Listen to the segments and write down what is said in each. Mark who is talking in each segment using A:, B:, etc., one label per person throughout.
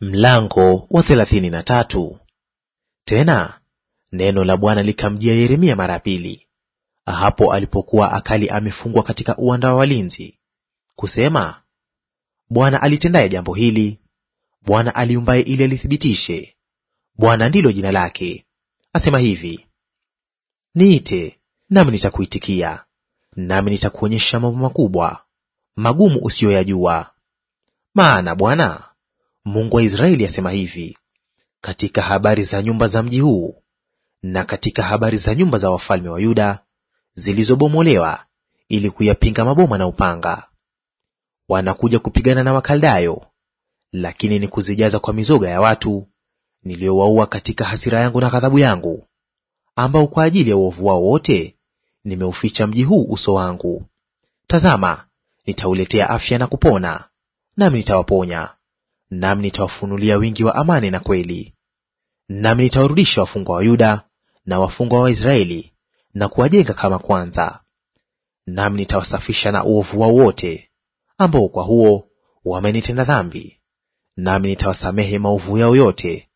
A: Mlango wa thelathini na tatu. Tena neno la Bwana likamjia Yeremia mara pili, hapo alipokuwa akali amefungwa katika uwanda wa walinzi, kusema, Bwana alitendaye jambo hili, Bwana aliumbaye ili alithibitishe, Bwana ndilo jina lake, asema hivi, niite nami nitakuitikia, nami nitakuonyesha mambo makubwa magumu usiyoyajua. Maana Bwana Mungu wa Israeli asema hivi katika habari za nyumba za mji huu na katika habari za nyumba za wafalme wa Yuda zilizobomolewa ili kuyapinga maboma na upanga. Wanakuja kupigana na Wakaldayo, lakini ni kuzijaza kwa mizoga ya watu niliyowaua katika hasira yangu na ghadhabu yangu, ambao kwa ajili ya uovu wao wote nimeuficha mji huu uso wangu. Tazama, nitauletea afya na kupona, nami nitawaponya nami nitawafunulia wingi wa amani na kweli. Nami nitawarudisha wafungwa wa Yuda na wafungwa wa Israeli na kuwajenga kama kwanza. Nami nitawasafisha na uovu wao wote ambao kwa huo wamenitenda dhambi, nami nitawasamehe maovu yao yote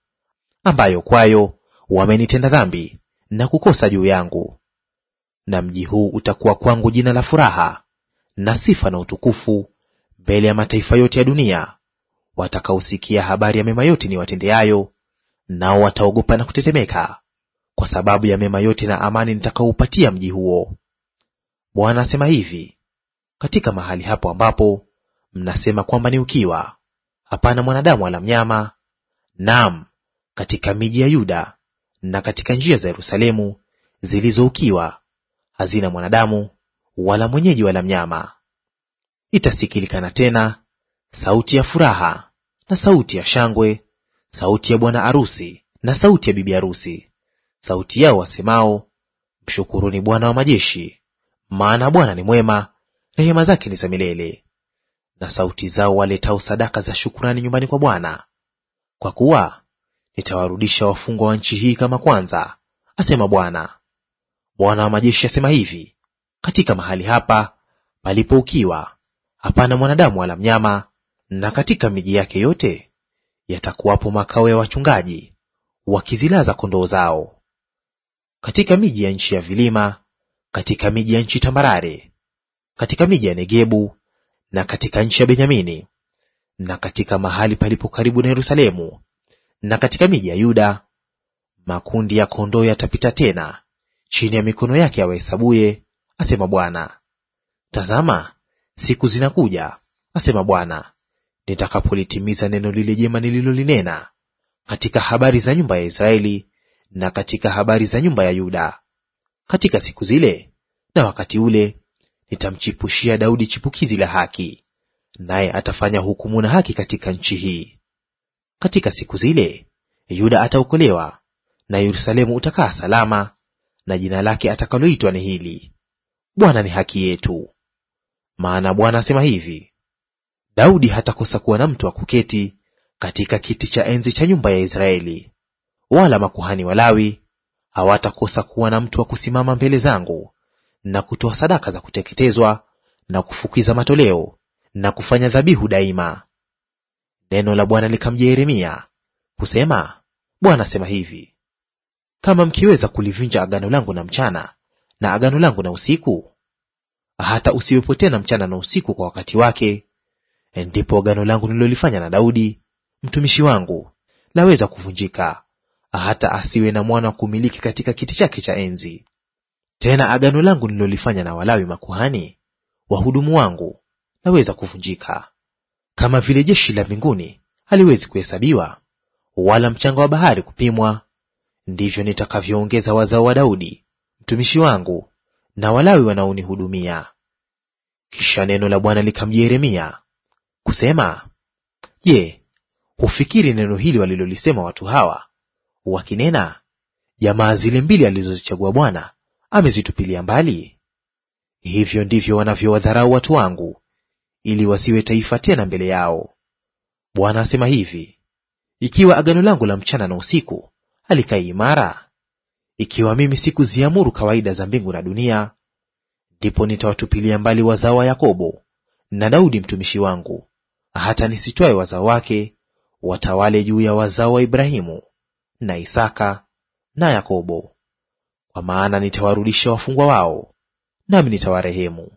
A: ambayo kwayo wamenitenda dhambi na kukosa juu yangu. Na mji huu utakuwa kwangu jina la furaha na sifa na utukufu mbele ya mataifa yote ya dunia, watakaosikia habari ya mema yote niwatendeayo, nao wataogopa na kutetemeka kwa sababu ya mema yote na amani nitakaoupatia mji huo. Bwana asema hivi: katika mahali hapo ambapo mnasema kwamba ni ukiwa, hapana mwanadamu wala mnyama, naam, katika miji ya Yuda na katika njia za Yerusalemu zilizo ukiwa, hazina mwanadamu wala mwenyeji wala mnyama. Itasikilikana tena sauti ya furaha na sauti ya shangwe, sauti ya bwana arusi na sauti ya bibi arusi, sauti yao wasemao, mshukuruni Bwana wa majeshi, maana Bwana ni mwema, rehema zake ni za milele. Na sauti zao waletao sadaka za shukurani nyumbani kwa Bwana, kwa kuwa nitawarudisha wafungwa wa nchi hii kama kwanza, asema Bwana. Bwana wa majeshi asema hivi, katika mahali hapa palipo ukiwa, hapana mwanadamu wala mnyama, na katika miji yake yote yatakuwapo makao ya wachungaji wakizilaza kondoo zao. Katika miji ya nchi ya vilima, katika miji ya nchi tambarare, katika miji ya Negebu na katika nchi ya Benyamini, na katika mahali palipo karibu na Yerusalemu, na katika miji ya Yuda, makundi ya kondoo yatapita tena chini ya mikono yake ya wahesabuye asema Bwana. Tazama, siku zinakuja, asema Bwana, nitakapolitimiza neno lile jema nililolinena katika habari za nyumba ya Israeli na katika habari za nyumba ya Yuda. Katika siku zile na wakati ule nitamchipushia Daudi chipukizi la haki, naye atafanya hukumu na haki katika nchi hii. Katika siku zile Yuda ataokolewa na Yerusalemu utakaa salama, na jina lake atakaloitwa ni hili, Bwana ni haki yetu. Maana Bwana asema hivi: Daudi hatakosa kuwa na mtu wa kuketi katika kiti cha enzi cha nyumba ya Israeli, wala makuhani Walawi hawatakosa kuwa na mtu wa kusimama mbele zangu na kutoa sadaka za kuteketezwa na kufukiza matoleo na kufanya dhabihu daima. Neno la Bwana likamjia Yeremia kusema, Bwana asema hivi, kama mkiweza kulivunja agano langu na mchana na agano langu na usiku, hata usiwepo tena mchana na usiku kwa wakati wake Eh, ndipo agano langu nililolifanya na Daudi mtumishi wangu laweza kuvunjika, hata asiwe na mwana wa kumiliki katika kiti chake cha enzi. Tena agano langu nililolifanya na Walawi makuhani wahudumu wangu laweza kuvunjika. Kama vile jeshi la mbinguni haliwezi kuhesabiwa, wala mchanga wa bahari kupimwa, ndivyo nitakavyoongeza wazao wa Daudi mtumishi wangu na Walawi wanaonihudumia. Kisha neno la Bwana likamjia Yeremia kusema, Je, hufikiri neno hili walilolisema watu hawa wakinena, jamaa zile mbili alizozichagua Bwana amezitupilia mbali? Hivyo ndivyo wanavyowadharau watu wangu, ili wasiwe taifa tena mbele yao. Bwana asema hivi, ikiwa agano langu la mchana na usiku halikai imara, ikiwa mimi sikuziamuru kawaida za mbingu na dunia, ndipo nitawatupilia mbali wazao wa Yakobo na Daudi mtumishi wangu, hata nisitwae wazao wake watawale juu ya wazao wa Ibrahimu na Isaka na Yakobo. Kwa maana nitawarudisha wafungwa wao, nami nitawarehemu.